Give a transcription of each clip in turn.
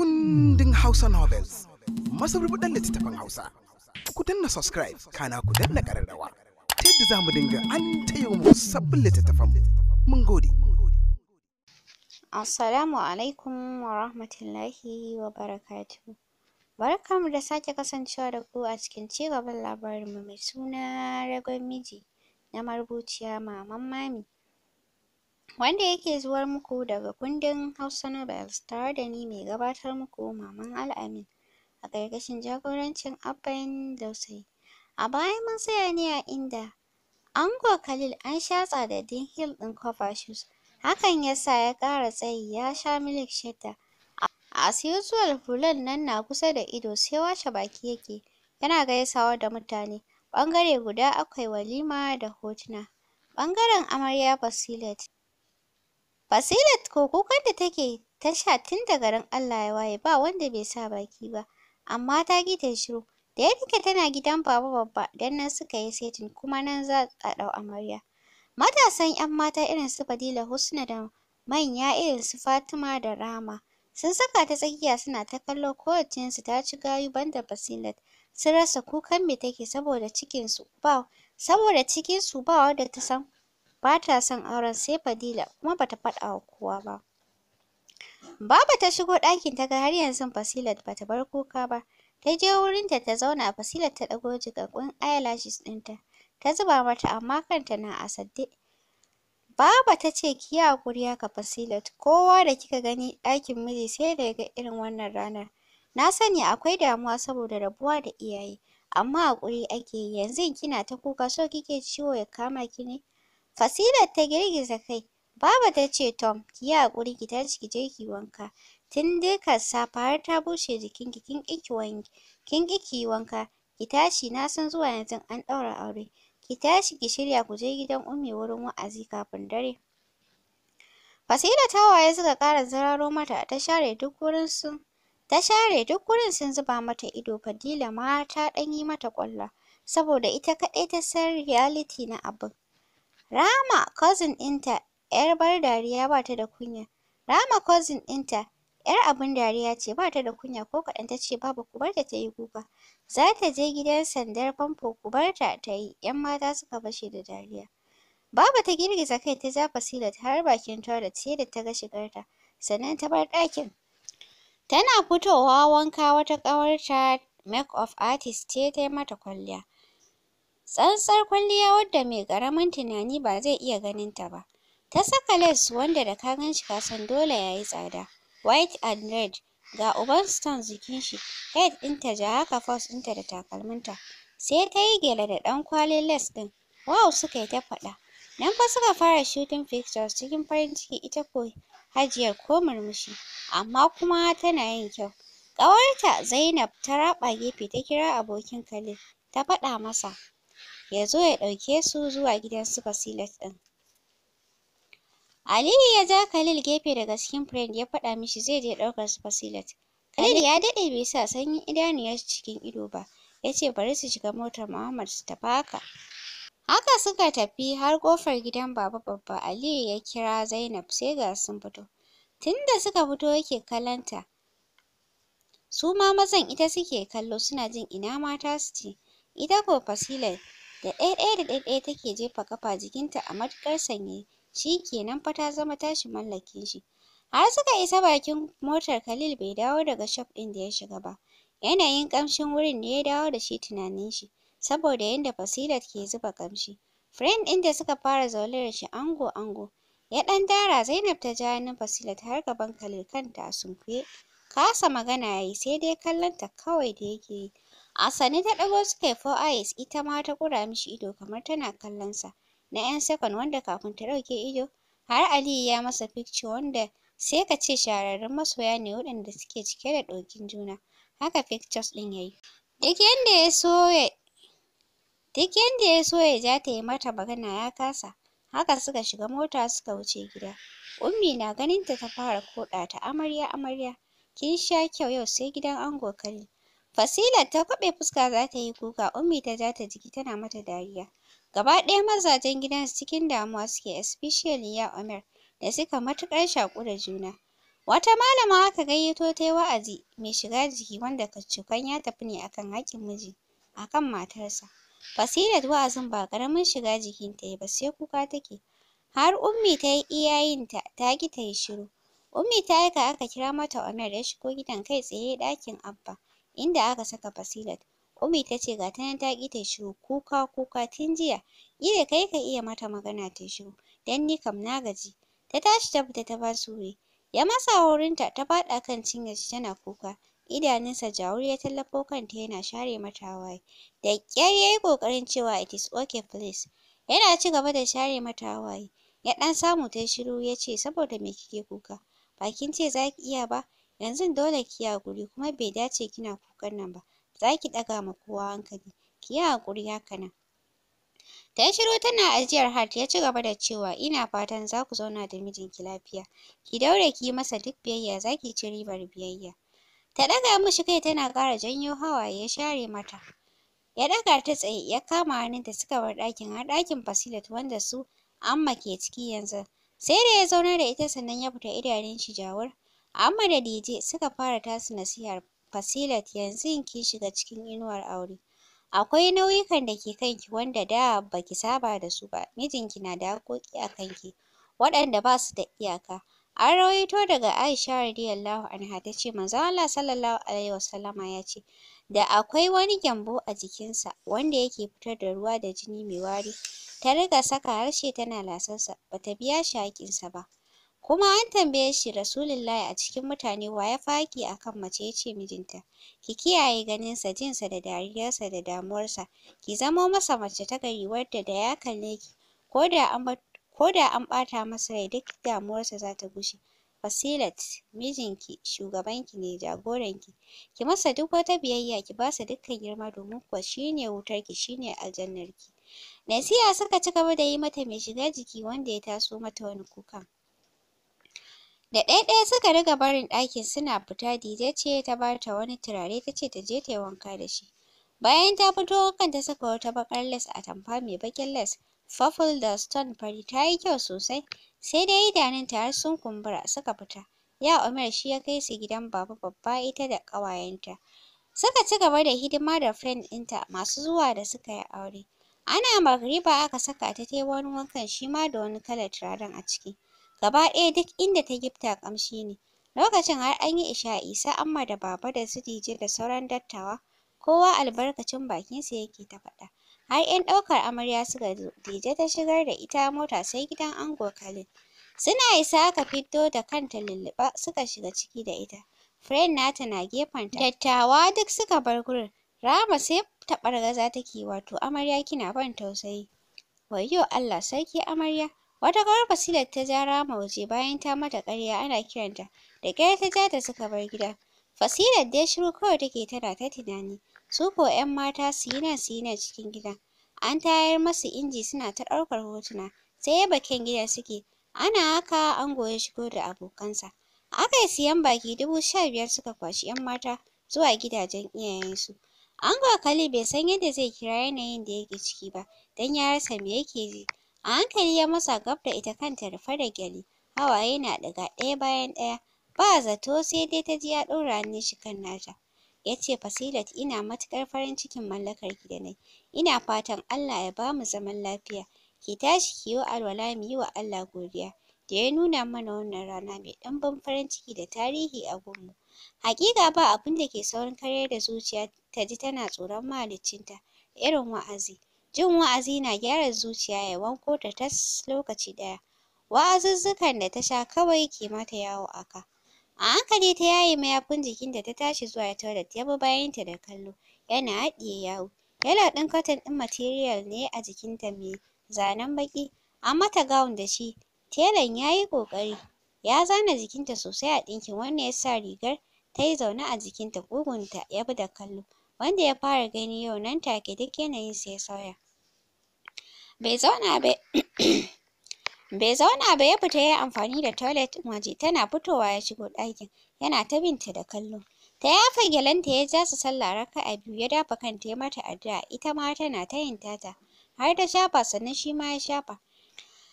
kundin Hausa Novels, masu masarubuɗan littattafan Hausa. Ku danna subscribe, kana ku danna ƙararrawa. Ta yadda za mu dinga an tayo mu sabbin littattafan mun gode. Assalamu alaikum wa rahmatullahi wa barakatuhu. Barkanmu da sake kasancewa da ku a cikin cigaban labarinmu mai suna Ragon Miji na marubuciya Maman Mami. wanda yake zuwar muku daga kundin Hausa Novels tare da ni mai gabatar muku Maman Al-Amin, a ƙarƙashin jagorancin Abban Dausayi. A baya mun tsaya ne a inda ango Khalil an sha tsadadin hill ɗin Kofa shoes, hakan ya sa ya ƙara tsayi ya sha milk shatter. As usual fulan nan na kusa da ido sai washe baki yake yana gaisawa da mutane. Ɓangare guda akwai walima da hotuna, ɓangaren amarya Basilat Fasilat ko kukan da take ta sha tun da garin Allah ya waye ba wanda bai sa baki ba, amma ta ƙi ta shiru. Da ya rike tana gidan baba babba don nan suka yi setin kuma nan za a ɗau amarya. Matasan 'yan mata irin su Fadila Husna da manya irin su Fatima da Rama sun saka ta tsakiya suna ta kallo kowaccensu ta ci gayu banda Fasilat. Sun rasa kukan me take saboda cikinsu ba saboda cikinsu ba wadda ta san ba ta son auren sai Fadila kuma ba ta faɗa wa kowa ba. Baba ta shigo ɗakin ta ga har yanzu Fasilat ba ta bar kuka ba. Ta je wurinta ta zauna Fasilat ta ɗago jiƙaƙƙun eyelashes ɗinta. Ta zuba mata amma kanta na a sadde. Baba ta ce ki yi haƙuri haka Fasilat, kowa da kika gani ɗakin miji sai da ya ga irin wannan ranar. Na sani akwai damuwa saboda rabuwa da iyaye, amma haƙuri ake yi, yanzu kina ta kuka so kike ciwo ya kama ki ne? Fasilat ta girgiza kai. Baba ta ce, Tom, ki yi haƙuri ki tashi ki je ki wanka. Tun dai safa har ta bushe jikinki kin ƙi ki wanki, kin wanka. Ki tashi na san zuwa yanzu an ɗaura aure. Ki tashi ki shirya ku je gidan Ummi wurin wa'azi kafin dare. Fasila waye suka ƙara zararo mata ta share duk wurin sun ta share duk wurin sun zuba mata ido Fadila ma ta ɗan yi mata ƙwalla saboda ita kaɗai ta san reality na abin. Rama cousin ɗinta 'yar bar dariya ba ta da kunya. Rama cousin ɗinta 'yar abin dariya ce ba ta da kunya ko kaɗan ta ce babu ku bar ta ta yi kuka. Za ta je gidan sandar famfo ku bar ta ta yi. 'Yan mata suka fashe da dariya. Baba ta girgiza kai ta ja Fasilat har bakin toilet sai da ta ga shigarta, sannan ta bar ɗakin. Tana fitowa wanka wata ƙawarta make-up artist ce ta yi mata kwalliya. Tsantsar kwalliya wadda mai ƙaramin tunani ba zai iya ganin ta ba. Ta saka les wanda da ka ganshi kasan dole ya yi tsada. White and red. Ga uban stones jikin shi. Head ɗinta ja haka purse ɗinta da takalminta. Sai ta yi gyale da ɗan kwalin lace ɗin. Wow suka yi ta faɗa. Nan fa suka fara shooting pictures cikin farin ciki ita ko Hajiyar ko murmushi. Amma kuma tana yin kyau. Ƙawarta Zainab ta raɓa gefe ta kira abokin Khalil. Ta faɗa masa. ya zo ya ɗauke su zuwa gidan su Basilat ɗin. Aliyu ya ja Khalil gefe daga cikin friend ya faɗa mishi zai je ɗaukar su Basilat. Khalil ya daɗe bai sa sanyin idaniyar cikin ido ba, ya ce bari su shiga motar Muhammad su tafi haka. Haka suka tafi har ƙofar gidan Baba Babba Aliyu ya kira Zainab sai ga sun fito. Tunda suka fito yake kallonta, su ma mazan ita suke kallo suna jin ina mata su ce, ita ko Fasilat da ɗaya da ɗaiɗaya take jefa kafa jikinta a matuƙar sanye shi kenan fa ta zama tashi mallakin shi har suka isa bakin motar Khalil bai dawo daga shop ɗin da ya shiga ba yanayin ƙamshin wurin ne ya dawo da shi tunanin shi saboda yadda Fasilat ke zuba ƙamshi friend ɗin da suka fara da shi ango ango ya ɗan dara Zainab ta ja hannun Fasilat har gaban Khalil kanta a sunkuye kasa magana yayi sai dai kallon ta kawai da yake yi A sane ta ɗago suka yi four eyes ita ma ta ƙura mishi ido kamar tana kallon sa na 'yan second wanda kafin ta ɗauke ido har Aliyu ya masa picture wanda sai ka ce shahararrun masoya ne waɗanda suke cike da ɗokin juna haka pictures ɗin ya yi. Duk yanda ya so ya duk yanda ya so ya ja ta yi mata magana ya kasa haka suka shiga mota suka wuce gida. Ummi na ganin ta ta fara koɗa ta amarya amarya kin sha kyau yau sai gidan ango kalli. Fasilat ta kwaɓe fuska za ta yi kuka, Ummi ta ja ta jiki tana mata dariya. Gaba ɗaya mazajen gidan cikin damuwa suke especially ya Umar da suka matuƙar shaƙu da juna. Wata malama aka gayyato ta yi wa'azi mai shiga jiki wanda kacokan ya tafi ne akan haƙƙin miji akan matarsa. Fasilat wa'azin ba ƙaramin shiga jikin ya ba sai kuka take. Har Ummi ta yi iya yinta ta ƙi ta shiru. Ummi ta aika aka kira mata Umar ya shigo gidan kai tsaye ɗakin Abba. inda aka saka Fasilat. Ummi ta ce ga ta nan ta ƙi ta shiru kuka kuka tun jiya. gida kai ka iya mata magana ta shiru Dan ni kam na gaji. Ta tashi ta fita ta ba su wuri. Ya masa wurin ta Ta faɗa kan shi tana kuka. Idanunsa jawur ya tallafo kanta yana share mata hawaye. Da ƙyar ya yi ƙoƙarin cewa it is okay please. Yana ci gaba da share mata hawaye. Ya ɗan samu ta shiru ya ce saboda me kike kuka? Ba kin ce za ki iya ba? yanzu dole ki yi kuma bai dace kina kukan nan ba zaki ki ɗaga ma kowa hankali ki yi hakuri haka nan ta yi shiru tana ajiyar hat ya ci gaba da cewa ina fatan za ku zauna da mijinki lafiya ki daure ki yi masa duk biyayya za ki ci ribar biyayya ta ɗaga mishi kai tana ƙara janyo hawaye ya share mata ya ɗaga ta tsaye ya kama hannunta suka bar ɗakin har ɗakin Fasilat wanda su Amma ke ciki yanzu sai da ya zauna da ita sannan ya fita idanun shi jawur Amma da DJ suka fara tasu nasihar Fasilat yanzu in kin shiga cikin inuwar aure, akwai nauyukan da ke kanki wanda da baki saba da su ba, mijinki na da haƙƙoƙi a kanki waɗanda ba su da iyaka. An rawaito daga Aisha radiyallahu anha ta ce manzon Allah sallallahu alaihi wasallama ya ce da akwai wani gyambo a jikinsa wanda yake fitar da ruwa da jini mai wari ta riƙa saka harshe tana lasarsa ba ta biya shi haƙƙinsa ba. kuma an tambaye shi rasulullahi a cikin mutane wa ya faki akan mace ya ce mijinta ki kiyaye ganinsa jinsa da dariyarsa da damuwarsa ki zamo masa mace ta gari wadda da ya kalle ki ko da an ɓata masa rai duk damuwarsa za ta gushe Fasilat mijinki shugabanki ne jagoranki ki masa duk wata biyayya ki basa dukkan girma domin kuwa shine wutarki shine aljannarki nasiha suka ci gaba da yi mata mai shiga jiki wanda ya taso mata wani kuka. Da ɗaya-ɗaya suka riga barin ɗakin suna fita Dije ce ta bata wani turare ta ce ta je ta yi wanka da shi. Bayan ta fito kan ta saka wata baƙar les tamfa mai baƙin les purple da stone fari ta yi kyau sosai sai dai idanunta har sun kumbura suka fita. Ya Umar shi ya kai su gidan baba babba ita da ƙawayenta. Suka ci gaba da hidima da friend ɗinta masu zuwa da suka yi aure. Ana magariba aka saka ta ta wani wankan shima da wani kalar turaren a ciki. Gaba ɗaya duk inda ta gifta ƙamshi ne. Lokacin har an yi isha'i sa Amma da Baba da su Dije da sauran dattawa kowa albarkacin bakin bakinsa yake ta faɗa. Har 'yan ɗaukar amarya suka zo, Dije ta shigar da ita mota sai gidan ango Khalid. Suna isa aka fiddo da kanta lulluɓa suka shiga ciki da ita. Friend nata na gefenta. Dattawa duk suka bar gurin. Rama sai taɓargaza take wato amarya kina ban tausayi. Wayyo Allah sarki amarya. Wata kawar Basilat ta ja Rama waje bayan ta mata ƙarya ana kiranta. Da ƙyar ta ja ta suka bar gida. da dai shiru kawai take tana ta tunani. Su ko 'yan mata su yi nan su yi nan cikin gida. An tayar masu inji suna ta ɗaukar hotuna. Sai bakin gida suke. Ana haka ango ya shigo da abokansa. Aka yi siyan baki dubu sha biyar suka kwashi 'yan mata zuwa gidajen iyayensu. Ango Khalid bai san yadda zai kira yanayin da yake ciki ba, don ya rasa me yake ji. A hankali ya masa gab da ita kanta rufe da gyale, hawaye na ɗiga ɗaya bayan ɗaya. Ba zato sai dai ta ji ya ɗora hannun shi kan nata. Ya ce Fasilat ina matuƙar farin cikin mallakar ki da nayi. Ina fatan Allah ya bamu zaman lafiya. Ki tashi ki yi alwala mu yi wa Allah godiya da ya nuna mana wannan rana mai ɗumbin farin ciki da tarihi a gunmu. Haƙiƙa ba abin da ke saurin karyar da zuciya ta ji tana tsoron mahaliccinta irin wa'azi. Jin wa'azi na gyara zuciya ya wanko ta tas lokaci ɗaya. Wa'azuzzukan da ta sha kawai ke mata yawo a ka. A hankali ta yayi mayafin jikin da ta tashi zuwa toilet ya bi bayanta da kallo yana haɗiye yawu. yana ɗin cotton ɗin material ne a jikinta mai zanen baƙi. An mata gown da shi. Telan ya yi ƙoƙari. Ya zana jikinta sosai a ɗinkin wannan ya sa rigar ta yi zaune a jikinta ƙugunta ya bi da kallo. wanda ya fara gani yau nan take duk sa ya sauya bai zauna ba bai zauna ba ya fita ya yi amfani da toilet ɗin waje tana fitowa ya shigo ɗakin yana ta binta da kallo ta yafa gyalenta ya ja su sallah raka'a biyu ya dafa kanta ya mata addu'a ita ma tana ta yin tata har ta shafa sannan shi ma ya shafa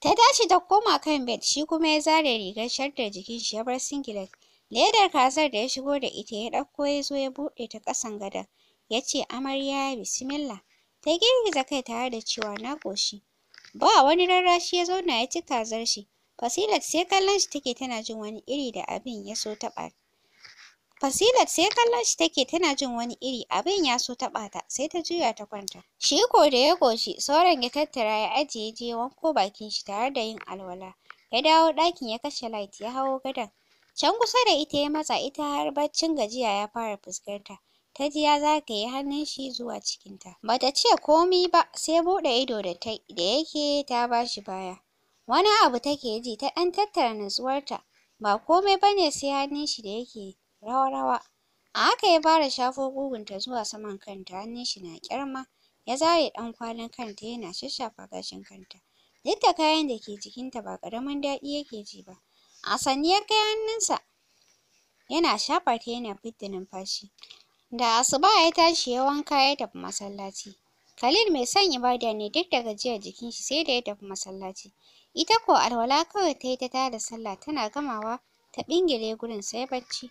ta tashi ta koma kan bed shi kuma ya zare rigar shardar jikin shi ya bar singlet ledar kazar da ya shigo da ita ya ɗauko ya zo ya buɗe ta ƙasan gadon ya ce amarya bismillah ta girgiza kai tare da cewa na ƙoshi ba wani rarrashi ya zauna ya ci kazar shi Fasilat sai kallon shi take tana jin wani iri da abin ya so taɓa Fasilat sai kallon shi take tana jin wani iri abin ya so taɓa ta sai ta juya ta kwanta shi ko da ya ƙoshi sauran ya tattara ya ajiye je wanko bakin shi tare da yin alwala ya dawo ɗakin ya kashe light ya hau gadon can kusa da ita ya matsa ita har baccin gajiya ya fara fuskanta ta ji ya yi hannun shi zuwa cikinta. Ba ta ce komi ba sai buɗe ido da ta da yake ta ba shi baya. Wani abu take ji ta ɗan tattara nutsuwarta, ba komai ba ne sai hannun shi da yake rawa-rawa. A haka ya fara shafo gugunta zuwa saman kanta hannun shi na kyarma ya zare ɗan kwalin kanta yana shashafa gashin kanta. Duk da kayan da ke jikinta ba ƙaramin daɗi yake ji ba. A sannu ya kai hannunsa yana shafa ta yana fidda numfashi. Da asuba ya tashi ya wanka ya tafi masallaci. Khalil mai son ibada ne duk da gajiyar jikin shi sai da ya tafi masallaci. Ita ko alwala kawai ta yi ta tada sallah tana gamawa ta ɓingire gurin sai bacci.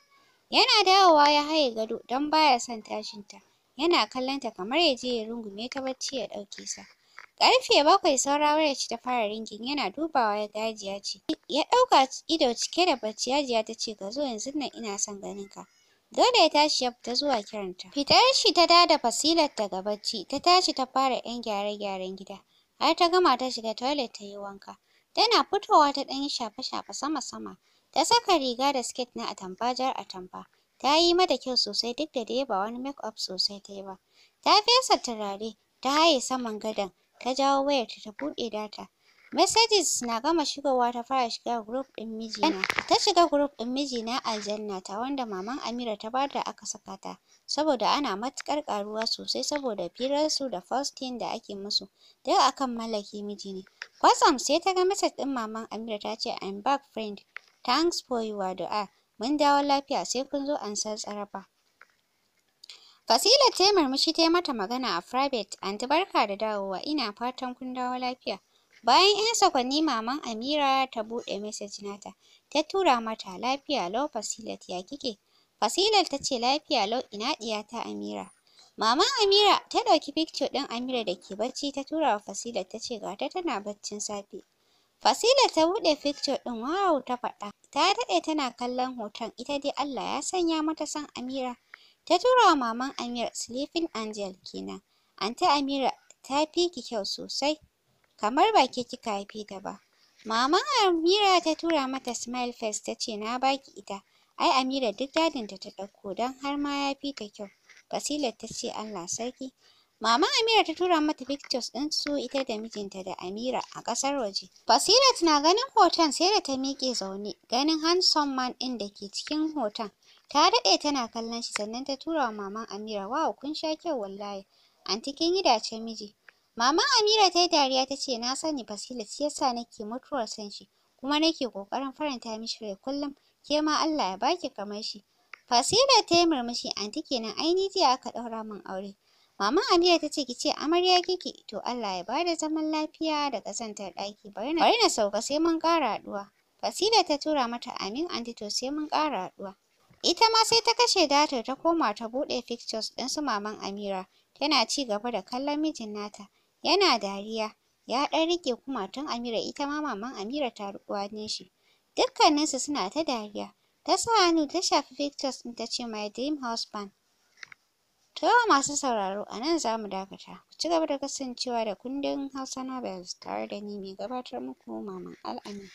Yana dawowa ya haye gado don baya son tashin ta Yana kallon ta kamar ya je ya rungume ta bacci ya ɗauke sa. Ƙarfe bakwai saura ci ta fara ringin yana dubawa ya ga ce. Ya ɗauka ido cike da bacci yajiya ta ce ka zo yanzun nan ina son ganinka. Dole ya tashi ya fita zuwa kiranta. Fitar shi ta dada fasilar daga bacci, ta tashi ta fara 'yan gyare-gyaren gida. Har ta gama ta shiga toilet ta yi wanka. Tana fitowa ta ɗan yi shafe-shafe sama-sama. Ta saka riga da siket na atamfa jar atamfa. Ta yi mata kyau sosai duk da dai ba wani make up sosai ta yi ba. Ta fesa turare, ta haye saman gadon, ta jawo wayarta ta buɗe data. Messages na gama shigowa ta fara shiga group ɗin mijina. Ta shiga group ɗin mijina aljanna ta wanda maman Amira ta bada aka saka ta saboda ana matukar karuwa sosai saboda firarsu da fasting da ake musu da akan mallaki miji ne. Kwatsam sai ta ga message din maman Amira ta ce I'm back friend. Thanks for your du'a. Mun dawo lafiya sai kun zo an san tsaraba. Fasila ta yi murmushi ta yi mata magana a private. Anti barka da dawowa ina fatan kun dawo lafiya. Bayan 'yan sakwanni maman Amira ta buɗe message nata, ta tura mata lafiya lau Fasilat ya kike? Fasilat ta ce lafiya lau ina ɗiya ta Amira? Maman Amira ta ɗauki picture ɗin Amira da ke bacci ta tura wa Fasilat ta ce ga ta tana baccin safe. Fasilat ta buɗe picture ɗin wow ta faɗa. Ta daɗe tana kallon hoton ita dai Allah ya sanya mata son Amira. Ta tura wa maman Amira sleeping angel kenan. Anti Amira ta fi ki kyau sosai. kamar ba ke kika haife ta ba maman Amira ta tura mata smile face ta ce na baki ita ai Amira duk dadinta ta ɗauko don har ma ya fi ta kyau Fasilat ta ce Allah sarki Maman Amira ta tura mata pictures ɗin su ita da mijinta da Amira a ƙasar waje. Fasilat na ganin hoton sai da ta miƙe zaune, ganin handsome man ɗin da ke cikin hoton. Ta daɗe tana kallon shi sannan ta tura wa maman Amira, wow kun sha kyau wallahi, anti kin yi dace miji. Maman Amira ta yi dariya ta ce na sani Basila shi yasa nake mutuwar son shi kuma nake kokarin faranta mishi rai kullum ke ma Allah ya baki kamar shi. Basila ta yi murmushi anti kenan ai ni jiya aka ɗaura min aure. mama Amira ta ce ki ce amarya kike to Allah ya bada zaman lafiya da ƙazantar ɗaki bari na bari sauka sai mun ƙara haɗuwa. Basila ta tura mata amin anti to sai mun ƙara haɗuwa. Ita ma sai ta kashe datar ta koma ta buɗe pictures ɗin su maman Amira tana ci gaba da kallon mijin nata. Yana dariya, ya ɗan riƙe kumatun Amira ita ma maman Amira ta riƙo hannun shi. Dukkaninsu suna ta dariya. Ta sa hannu ta shafi Victus ɗin ta ce my dream husband. To masu sauraro a nan za mu dakata. Ku ci gaba da kasancewa da kundin Hausa Nobels tare da ni mai gabatar muku Maman Al'amin.